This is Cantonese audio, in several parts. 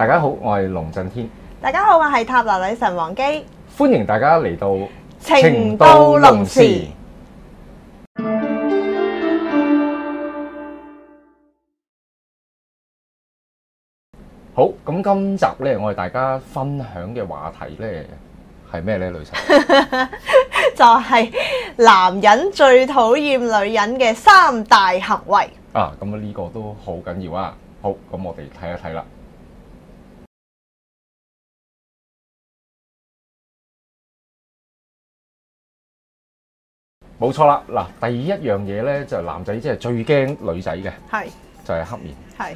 大家好，我係龍震天。大家好，我係塔羅女神王姬。歡迎大家嚟到情到龍匙。情到龍匙。好咁，那今集呢，我哋大家分享嘅話題呢係咩呢？女神 就係男人最討厭女人嘅三大行為啊！咁啊，呢個都好緊要啊。好，咁我哋睇一睇啦。冇錯啦。嗱，第一樣嘢咧就係男仔，即係最驚女仔嘅，是就係黑面。係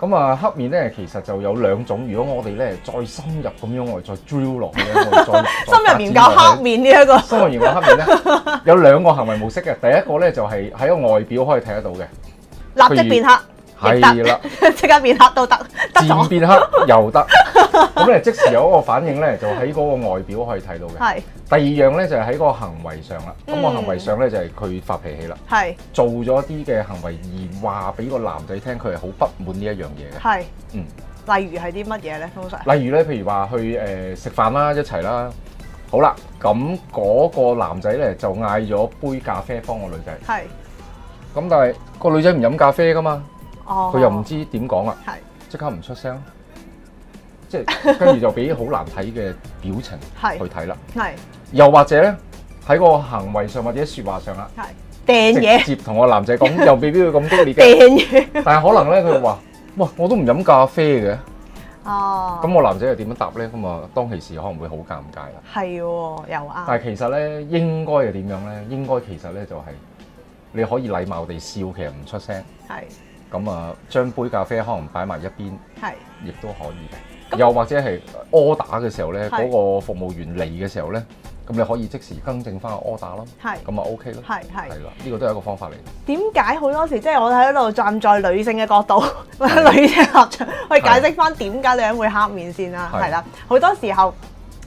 咁啊，黑面咧其實就有兩種。如果我哋咧再深入咁樣我哋再 draw 落嘅，再深入研究黑面呢一個，深入研究黑面咧有兩個行為模式嘅。第一個咧就係喺個外表可以睇得到嘅，立即變黑。係啦，即刻變黑都得，漸變黑又得。咁咧即時有一個反應咧，就喺嗰個外表可以睇到嘅。係第二樣咧，就係喺個行為上啦。咁個行為上咧，就係佢發脾氣啦。係做咗啲嘅行為而話俾個男仔聽，佢係好不滿呢一樣嘢嘅。係嗯，例如係啲乜嘢咧，通常？例如咧，譬如話去誒食飯啦，一齊啦。好啦，咁嗰個男仔咧就嗌咗杯咖啡幫個女仔。係咁，但係個女仔唔飲咖啡噶嘛。佢、哦、又唔知點講啦，即刻唔出聲，即係跟住就俾好難睇嘅表情去睇啦。係 是又或者咧喺個行為上或者説話上啊，掟嘢是，直接同個男仔講， 又未必要咁激烈掟嘢。 但係可能咧，佢話，哇，我都唔飲咖啡嘅。哦，咁個男仔又點樣答咧？咁啊，當其時可能會好尷尬啦。係喎，又啱。但係其實咧，應該係點樣咧？應該其實咧就係你可以禮貌地笑，其實唔出聲。係。咁啊，將杯咖啡可能擺埋一邊，係，亦都可以嘅。又或者係 order 嘅時候咧，嗰個服務員嚟嘅時候咧，咁你可以即時更正翻個 order 咯。係，咁啊 OK 咯。係係。係啦，呢個都係一個方法嚟。點解好多時即係我喺度站在女性嘅角度，女性立場去解釋翻點解女人會黑面先啦？係啦，好多時候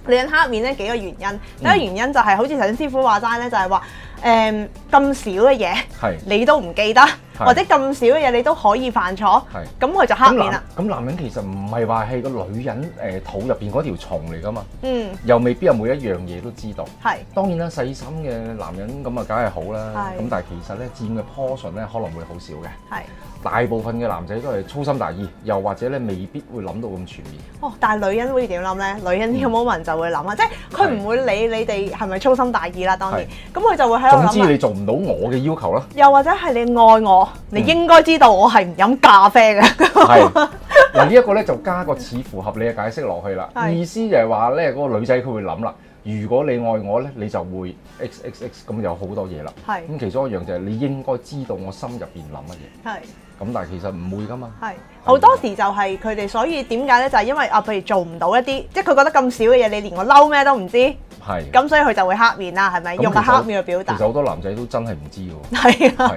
女人黑面咧幾個原因，第一原因就係好似頭先師傅話齋咧，就係話誒咁少嘅嘢，係你都唔記得。或者咁少嘅嘢你都可以犯錯，咁佢就黑面啦。咁男人其實唔係話係個女人誒肚入邊嗰條蟲嚟噶嘛，嗯，又未必有每一樣嘢都知道。係，當然啦，細心嘅男人咁啊，梗係好啦。係，咁但係其實咧，佔嘅 portion 咧可能會好少嘅。係，大部分嘅男仔都係粗心大意，又或者咧未必會諗到咁全面。哦，但係女人會點諗咧？女人呢個 moment 就會諗啊，即係佢唔會理你哋係咪粗心大意啦。當然，咁佢就會喺度諗。總之你做唔到我嘅要求囉。又或者係你愛我。你應該知道我係唔飲咖啡嘅、嗯。係嗱，這呢一個咧就加個似符合你嘅解釋落去啦。是意思就係話咧，嗰、那個女仔佢會諗啦。如果你愛我咧，你就會 x x x 咁有好多嘢啦。係咁是，其中一樣就係你應該知道我心入邊諗乜嘢。係。咁但係其實唔會㗎嘛，係好多時就係佢哋，所以點解咧就係因為啊，譬如做唔到一啲，即係佢覺得咁少嘅嘢，你連我嬲咩都唔知，係咁，所以佢就會黑面啦，係咪用個黑面去表達？其實好多男仔都真係唔知㗎喎，係啊，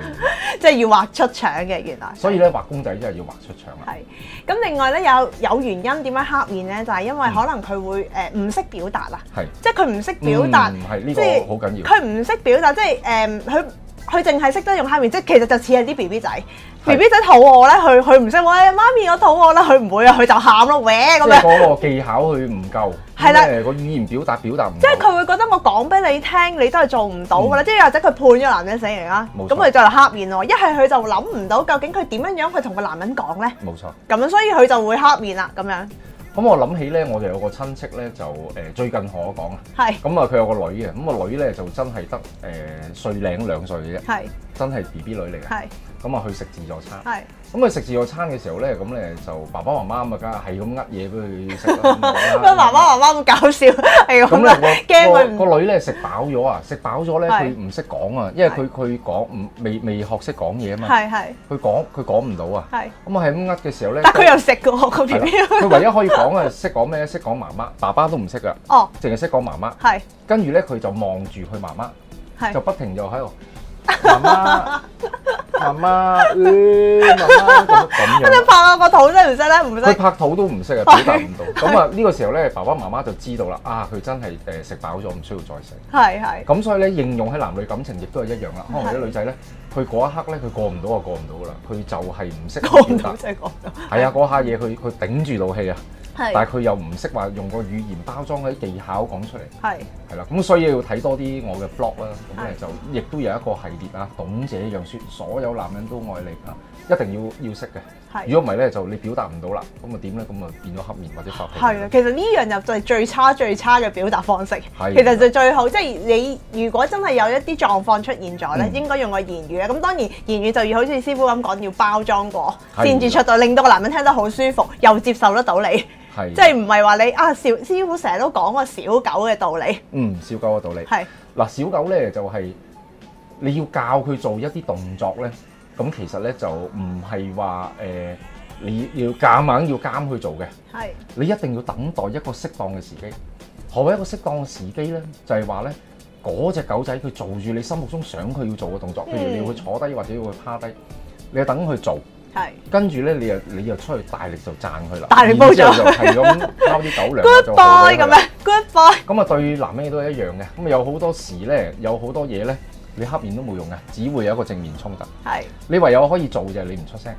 即係要畫出腸嘅原來。所以咧畫公仔真係要畫出腸啊！係咁，另外咧有有原因點樣黑面咧，就係因為可能佢會誒唔識表達啦，係，即係佢唔識表達，呢個好緊要。佢唔識表達，即係誒佢。佢淨係識得用黑面，即係其實就似係啲 B B 仔，B B 仔肚餓咧，佢佢唔識，喂，媽咪，我肚餓啦，佢唔會啊，佢就喊咯，喂咁樣。嗰個技巧佢唔夠，係啦，個語言表達表達唔，即係佢會覺得我講俾你聽，你都係做唔到噶啦，即係又或者佢判咗個男人死刑啦，咁佢就係黑面喎，一係佢就諗唔到究竟佢點樣樣去同個男人講咧，冇錯，咁樣所以佢就會黑面啦，咁樣。咁我諗起咧，我哋有個親戚咧，就誒最近同我講啊。咁啊是，佢有個女嘅，咁個女咧就真係得誒歲零兩歲嘅啫。係是真係 B B 女嚟嘅，係。咁啊去食自助餐，係。咁佢食自助餐嘅時候咧，咁咧就爸爸媽媽咪梗係咁噏嘢俾佢食。咁啊，爸爸媽媽好搞笑，係咁啊，驚佢唔個女咧食飽咗啊！食飽咗咧，佢唔識講啊，因為佢佢講唔未未學識講嘢啊嘛。係係。佢講佢講唔到啊。係。咁啊，係咁噏嘅時候咧，但佢又食過個 B B。佢唯一可以講啊，識講咩咧？識講媽媽、爸爸都唔識噶。哦。淨係識講媽媽。係。跟住咧，佢就望住佢媽媽，就不停就喺度媽媽。媽媽，你咁、哎、樣，你拍我個肚識唔識啦？唔識。佢拍肚都唔識啊，表達唔到。咁啊，呢個時候咧，爸爸媽媽就知道啦。啊，佢真係誒食飽咗，唔需要再食。係係。咁所以咧，應用喺男女感情亦都係一樣啦。可能啲女仔咧，佢嗰一刻咧，佢過唔到就過唔到噶啦，佢就係唔識講嘢。過唔到真係過唔到，就是、啊，嗰下嘢佢佢頂住怒氣啊，是但係佢又唔識話用個語言包裝嗰啲技巧講出嚟。係是。係啦，啊，咁所以要睇多啲我嘅 blog 啦。咁咧就亦都有一個系列啦，懂者樣説，所有。男人都愛你啊！一定要要識嘅。係。如果唔係咧，就你表達唔到啦。咁啊點咧？咁啊變咗黑面或者發脾氣。係啊，其實呢樣就係最差、最差嘅表達方式。係。其實就最好，即係你如果真係有一啲狀況出現咗咧，嗯、應該用個言語咧。咁當然言語就要好似師傅咁講，要包裝過，先至出到，令到個男人聽得好舒服，又接受得到你。係。即係唔係話你啊？小師傅成日都講個小狗嘅道理。嗯，小狗嘅道理。係。嗱，小狗咧就係。你要教佢做一啲動作咧，咁其實咧就唔係話誒你要夾硬要監佢做嘅。係，你一定要等待一個適當嘅時機。何謂一個適當嘅時機咧？就係話咧嗰隻狗仔佢做住你心目中想佢要做嘅動作，譬如你要佢坐低或者要佢趴低，你要等佢做。係，跟住咧你又你又出去大力就讚佢啦。大力褒獎係咁拋啲狗糧。Good boy 咁樣。Good boy。咁啊對男人都係一樣嘅。咁啊有好多時咧，有好多嘢咧。你黑面都冇用嘅，只會有一個正面衝突。係是你唯有可以做就係你唔出聲，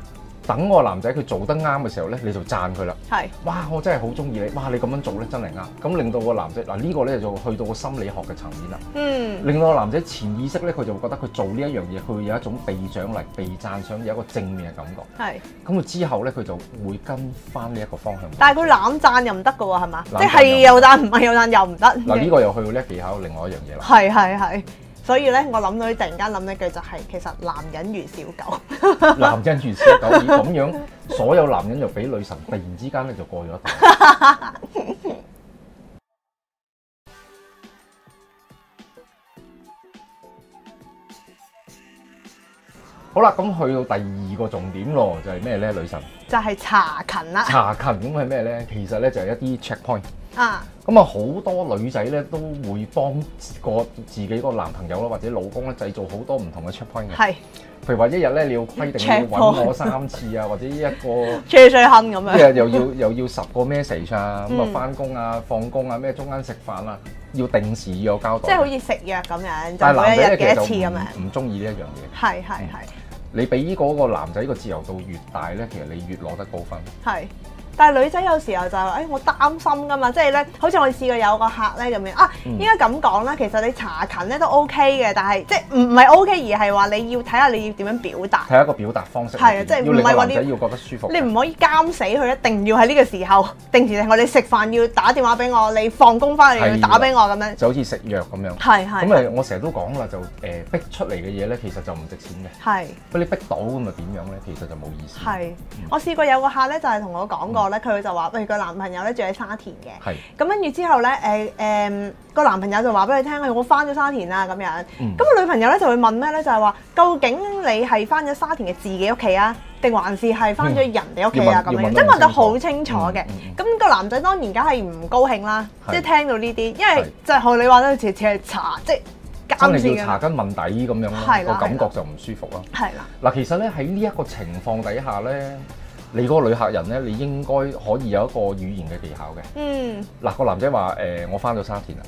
等個男仔佢做得啱嘅時候咧，你就讚佢啦。係是哇，我真係好中意你，哇，你咁樣做咧真係啱。咁令到個男仔嗱、這個、呢個咧就去到個心理學嘅層面啦。嗯，令到個男仔潛意識咧，佢就會覺得佢做呢一樣嘢，佢會有一種被獎勵、被讚賞，有一個正面嘅感覺。係咁佢之後咧，佢就會跟翻呢一個方向。但係佢攬讚又唔得嘅喎，係嘛？即係又讚，唔係又讚又唔得。嗱呢個又去到叻技巧另外一樣嘢啦。係係係。所以咧，我諗到突然間諗一句就係、是，其實男人如小狗。男人如小狗，咁 樣所有男人就俾女神突然之間咧就過咗。 好啦，咁去到第二個重點咯，就係咩咧？女神就係查勤啦。查勤咁係咩咧？其實咧就係一啲 checkpoint。啊！咁啊，好多女仔咧都會幫自己個男朋友啦，或者老公咧製造好多唔同嘅 checkpoint 嘅是。譬如話，一日咧你要規定要揾我三次啊， 或者一個 check 水坑咁樣。 一日又要又要十個 message、嗯、啊，咁啊返工啊、放工啊、咩中間食飯啊，要定時要有交代。即係好似食藥咁樣，但係男仔咧其實唔唔中意呢一樣嘢、嗯。你俾呢個男仔個自由度越大咧，其實你越攞得高分。但係女仔有時候就誒，我擔心噶嘛，即係咧，好似我哋試過有個客咧咁樣啊，應該咁講啦，其實你查勤咧都 O K 嘅，但係即係唔係 O K，而係話你要睇下你要點樣表達。睇下個表達方式。係啊，即係唔係話你要覺得舒服？你唔可以監死佢，一定要喺呢個時候，定時定我你食飯要打電話俾我，你放工翻嚟要打俾我咁樣。就好似食藥咁樣。係係。咁啊，我成日都講啦，就誒逼出嚟嘅嘢咧，其實就唔值錢嘅。係。你逼到咪點樣咧？其實就冇意思。係。我試過有個客咧，就係同我講過。佢就話：，例如個男朋友咧住喺沙田嘅，咁跟住之後咧，誒誒個男朋友就話俾佢聽，我翻咗沙田啦，咁樣。咁個、嗯、女朋友咧就會問咩咧？就係、是、話：究竟你係翻咗沙田嘅自己屋企啊，定還是係翻咗人哋屋企啊？咁樣、嗯，即係問,問得好清楚嘅。咁、嗯嗯、個男仔當然梗係唔高興啦，即係是聽到呢啲，因為就係你話得似似係查，即係監視嘅。查根問底咁樣咯，的個感覺就唔舒服啦。係啦。嗱，其實咧喺呢一個情況底下咧。你嗰個女客人咧，你應該可以有一個語言嘅技巧嘅。嗯。嗱，嗰個男仔話、呃：我翻到沙田啦。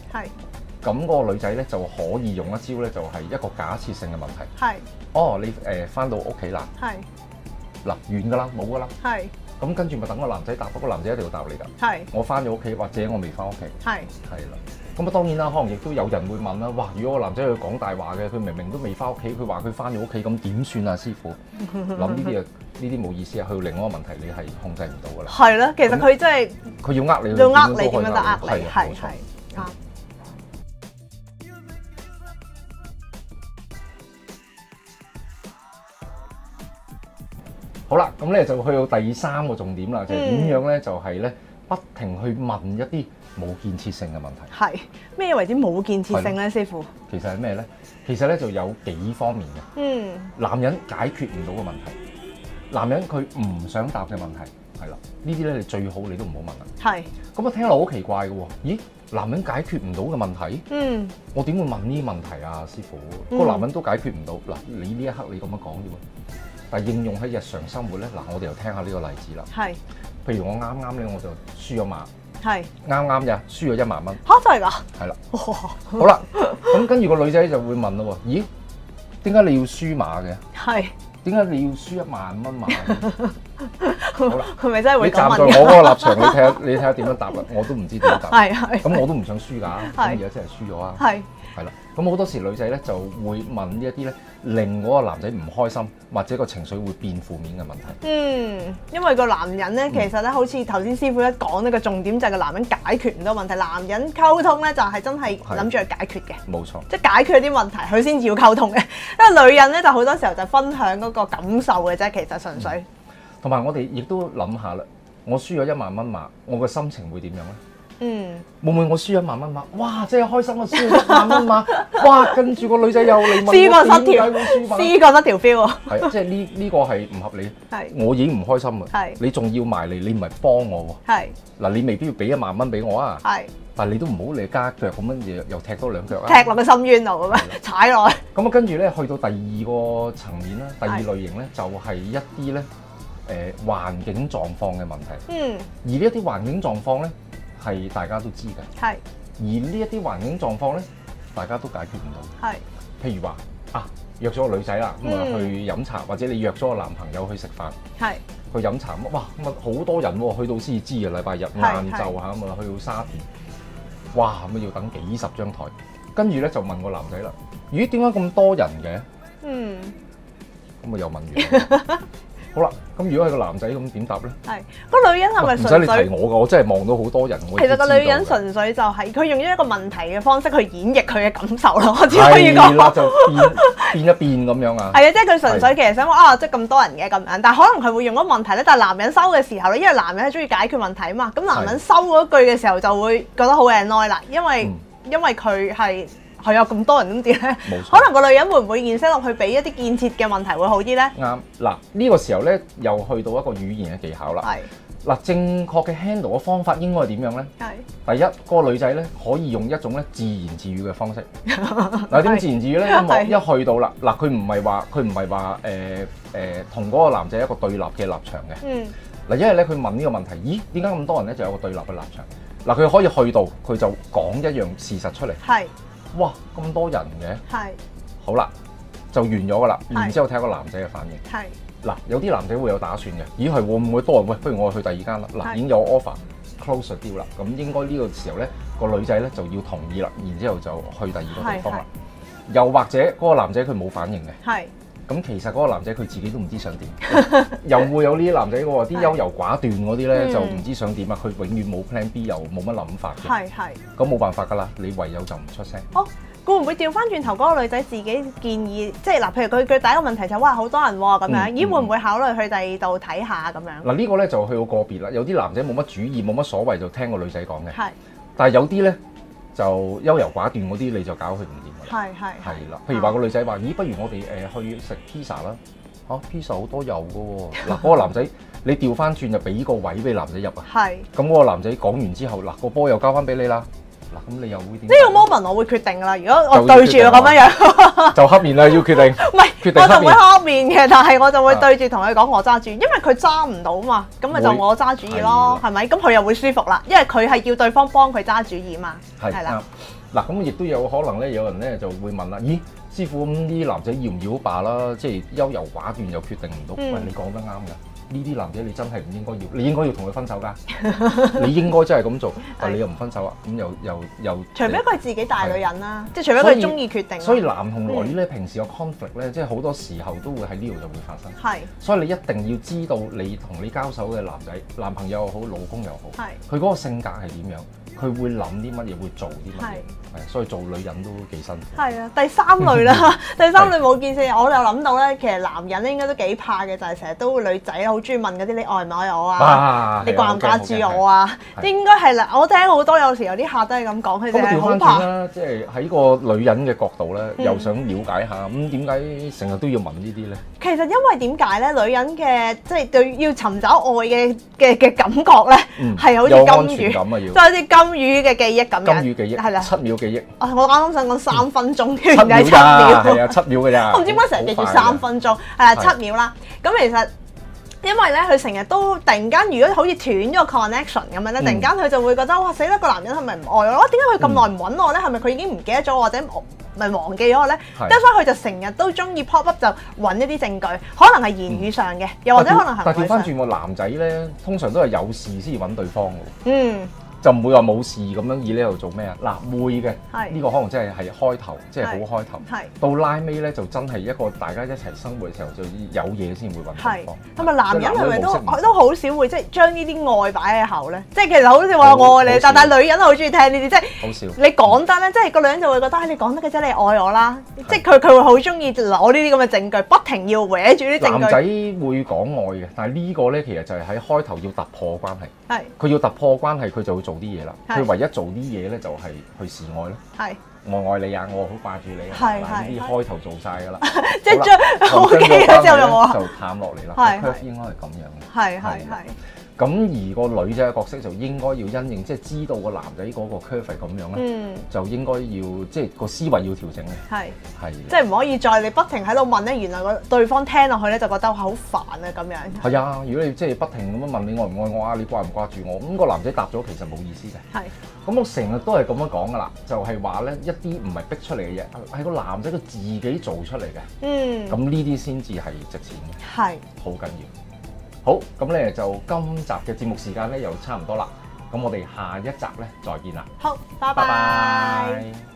咁嗰是個女仔咧，就可以用一招咧，就係一個假設性嘅問題。係是。哦，你誒翻、呃、到屋企啦。係是。嗱，遠㗎啦，冇㗎啦。係。咁跟住咪等個男仔答，不過男仔一定要答你㗎。係是。我翻咗屋企，或者我未翻屋企。係是。係啦。咁啊，當然啦，可能亦都有人會問啦。哇，如果個男仔去講大話嘅，佢明明都未翻屋企，佢話佢翻咗屋企，咁點算啊？師傅諗呢啲啊，呢啲冇意思啊。去到另外一個問題，你係控制唔到噶啦。係咯 那，其實佢真係佢要呃你，要呃你點樣都呃你，係係。好啦，咁咧就去到第三個重點啦，就點、是、樣咧係點樣咧？就係咧，不停去問一啲。冇建設性嘅問題係咩？咩為止冇建設性咧，師傅。其實係咩咧？其實咧就有幾方面嘅。嗯。男人解決唔到嘅問題，男人佢唔想答嘅問題，係啦。呢啲咧你最好你都唔好問啦。係是。咁我聽落好奇怪嘅喎，咦？男人解決唔到嘅問題，嗯。我點會問呢啲問題啊，師傅？嗯、個男人都解決唔到嗱，你呢一刻你咁樣講啫喎。但係應用喺日常生活咧，嗱，我哋又聽下呢個例子啦。係是。譬如我啱啱咧，我就輸咗馬。係啱啱咋，輸咗一萬蚊。嚇，真係㗎？係啦。好啦，咁跟住個女仔就會問咯喎，咦？點解你要輸馬嘅？係點解你要輸一萬蚊馬？好啦，佢咪真係會？你站在我嗰個立場，你睇下你睇下點樣答啦？我都唔知點答。係係。咁我都唔想輸㗎。咁而家真係輸咗啊！係係啦。咁好多時女仔咧就會問呢一啲咧令嗰個男仔唔開心或者個情緒會變負面嘅問題。嗯，因為個男人咧其實咧好似頭先師傅一講呢個重點，就係個男人解決唔到問題，男人溝通咧就係真係諗住去解決嘅。冇錯，即係解決啲問題，佢先至要溝通嘅。因為女人咧就好多時候就分享嗰個感受嘅啫，其實純粹、嗯。同埋我哋亦都諗下啦，我輸咗一萬蚊嘛，我嘅心情會點樣咧？嗯，妹，問我輸一萬蚊嘛？哇，真係開心啊！輸一萬蚊嘛，哇，跟住個女仔又嚟問：四個失調，四個失調 feel 係即係呢？呢個係唔合理。係，我已經唔開心啦。係，你仲要埋嚟，你唔係幫我喎。係嗱，你未必要俾一萬蚊俾我啊。係，但係你都唔好你加腳咁乜嘢，又踢多兩腳啊，踢落個心淵度咁樣踩落去。咁啊，跟住咧去到第二個層面啦，第二類型咧就係一啲咧誒環境狀況嘅問題嗯，而呢一啲環境狀況咧。係大家都知嘅是，而呢一啲環境狀況咧，大家都解決唔到是。係，譬如話啊，約咗個女仔啦，咁啊、嗯、去飲茶，或者你約咗個男朋友去食飯，係是去飲茶，哇，咁啊好多人、啊，去到先知啊，禮拜日晏晝吓，咁啊去到沙田，是哇，咁啊要等幾十張台，跟住咧就問個男仔啦，咦，點解咁多人嘅？嗯，咁啊又問完。 好啦，咁如果係個男仔咁點答咧？係、個女人係咪？唔使你提我噶，我真係望到好多人。其實個女人純粹就係、係、佢用咗一個問題嘅方式去演繹佢嘅感受咯。我只可以講變一變咁樣啊。係啊，即係佢純粹其實想話的啊，即係咁多人嘅咁樣，但係可能佢會用咗問題咧。但係男人收嘅時候咧，因為男人係中意解決問題啊嘛。咁男人收嗰句嘅時候就會覺得好 annoy 啦，因為、嗯、因為佢係。係啊，咁多人咁點咧？冇錯可能個女人會唔會延伸落去，俾一啲建設嘅問題會好啲咧？啱嗱，呢個時候咧又去到一個語言嘅技巧啦。嗱係，正確嘅 handle 嘅方法應該係點樣咧？係第一個，女仔咧，可以用一種咧自言自語嘅方式嗱。點係自言自語咧？係因為一去到啦嗱，佢唔係話佢唔係話誒誒同嗰個男仔一個對立嘅立場嘅嗱，嗯、因為咧佢問呢個問題，咦點解咁多人咧就有個對立嘅立場嗱？佢可以去到佢就講一樣事實出嚟係哇，咁多人嘅，係是，好啦，就完咗噶啦，然之後睇下個男仔嘅反應，係是，嗱，有啲男仔會有打算嘅，咦，係會唔會多人？喂，不如我去第二間啦，嗱是，已經有 offer close 咗啦，咁應該呢個時候咧，個女仔咧就要同意啦，然之後就去第二個地方啦，是又或者嗰個男仔佢冇反應嘅，係。咁其實嗰個男仔佢自己都唔知想點，又會有呢啲男仔喎，啲優柔寡斷嗰啲咧就唔知想點啊！佢永遠冇 plan B，又冇乜諗法。係係。咁冇辦法㗎啦，你唯有就唔出聲。哦，會唔會調翻轉頭嗰個女仔自己建議？即係嗱，譬如佢佢第一個問題就話好多人喎咁樣，咦會唔會考慮去第二度睇下咁樣？嗱呢個咧就去到個別啦，有啲男仔冇乜主意，冇乜所謂就聽個女仔講嘅。係。但係有啲咧就優柔寡斷嗰啲，你就搞佢唔掂。係係係啦，譬如話個女仔話，嗯、咦，不如我哋誒、呃、去食披薩啦。吓，披薩好多油噶、啊，嗱，嗰個男仔你調翻轉就俾個位俾男仔入啊，係，咁嗰個男仔講完之後，嗱、個波又交翻俾你啦。嗱，咁你又會點？呢個 moment 我會決定噶啦，如果我對住佢咁樣樣，就黑面啦，要決定。唔係是，決定我就唔會黑面嘅，但係我就會對住同佢講我揸主意因為佢揸唔到嘛，咁咪、啊、就我揸主意咯，係咪的？咁佢又會舒服啦，因為佢係要對方幫佢揸主意嘛，係啦的。嗱的，咁亦都有可能咧，有人咧就會問啦：，咦，師傅咁啲男仔要唔要霸啦？即係優柔寡斷又決定唔到。喂、嗯，你講得啱嘅。呢啲男仔你真係唔應該要，你應該要同佢分手㗎， 你應該真係咁做，是但你又唔分手啊？咁又又又，又又除非佢係自己大女人啦，即係是除非佢係中意決定所。所以男同女咧，嗯、平時個 conflict 咧，即係好多時候都會喺呢度就會發生。係是。所以你一定要知道你同你交手嘅男仔、男朋友又好、老公又好，佢嗰是個性格係點樣？佢會諗啲乜嘢會做啲乜嘢，係所以做女人都幾辛苦。係啊，第三類啦，第三類冇見先。我又諗到咧，其實男人應該都幾怕嘅，就係成日都會女仔好中意問嗰啲你愛唔愛我啊，你掛唔掛住我啊，應該係啦。我聽好多有時有啲客都係咁講，佢哋好怕。調番轉啦，即係喺個女人嘅角度咧，又想了解下，咁點解成日都要問呢啲咧？其實因為點解咧，女人嘅即係對要尋找愛嘅嘅嘅感覺咧，係好似金魚，即係好似金。金魚嘅記憶咁樣，金魚記憶，係啦，七秒記憶。我啱啱想講三分鐘，錯喺七秒，係啊，七秒嘅咋。我唔知點解成日記住三分鐘，係啦，七秒啦。咁其實因為咧，佢成日都突然間，如果好似斷咗個 connection 咁樣咧，突然間佢就會覺得哇，死得個男人係咪唔愛我？點解佢咁耐唔揾我咧？係咪佢已經唔記得咗我，或者唔係忘記咗我咧？跟住所以佢就成日都中意 pop up 就揾一啲證據，可能係言語上嘅，又或者可能係。但係調翻轉個男仔咧，通常都係有事先要揾對方嘅。嗯。就唔會話冇事咁樣以呢度做咩啊？嗱會嘅，呢是個可能真係係開頭，即係好開頭。到拉尾咧就真係一個大家一齊生活嘅時候，就有嘢先會揾到。係，係咪男人係咪都都好少會即係將呢啲愛擺喺口咧？即係其實好少話愛你，但係女人好中意聽呢啲，即係好少。 你講得咧，嗯、即係個女人就會覺得，你講得嘅啫，你愛我啦。是即係佢佢會好中意攞呢啲咁嘅證據，不停要搲住啲證據。男仔會講愛嘅，但係呢個咧其實就係喺開頭要突破關係。係佢是要突破關係，佢就會做。做啲嘢啦，佢唯一做啲嘢咧就係去示愛咯，我愛你啊，我好掛住你啊，呢啲開頭做晒噶啦，即係最好基咗之後就冇就淡落嚟啦，應該係咁樣嘅，係係係。咁而個女仔嘅角色就應該要因應，即係知道個男仔嗰個 curve 咁樣咧，嗯、就應該要即係個思維要調整嘅。係係，即係唔可以再你不停喺度問咧，原來個對方聽落去咧就覺得好煩啊咁樣。係啊，如果你即係不停咁樣問你愛唔愛我啊，你掛唔掛住我，咁個男仔答咗其實冇意思嘅。係。咁我成日都係咁樣講噶啦，就係話咧一啲唔係逼出嚟嘅嘢係個男仔佢自己做出嚟嘅。嗯。咁呢啲先至係值錢嘅。係。好緊要。好，咁咧就今集嘅節目時間咧又差唔多啦。咁我哋下一集咧再見啦。好，拜拜。Bye bye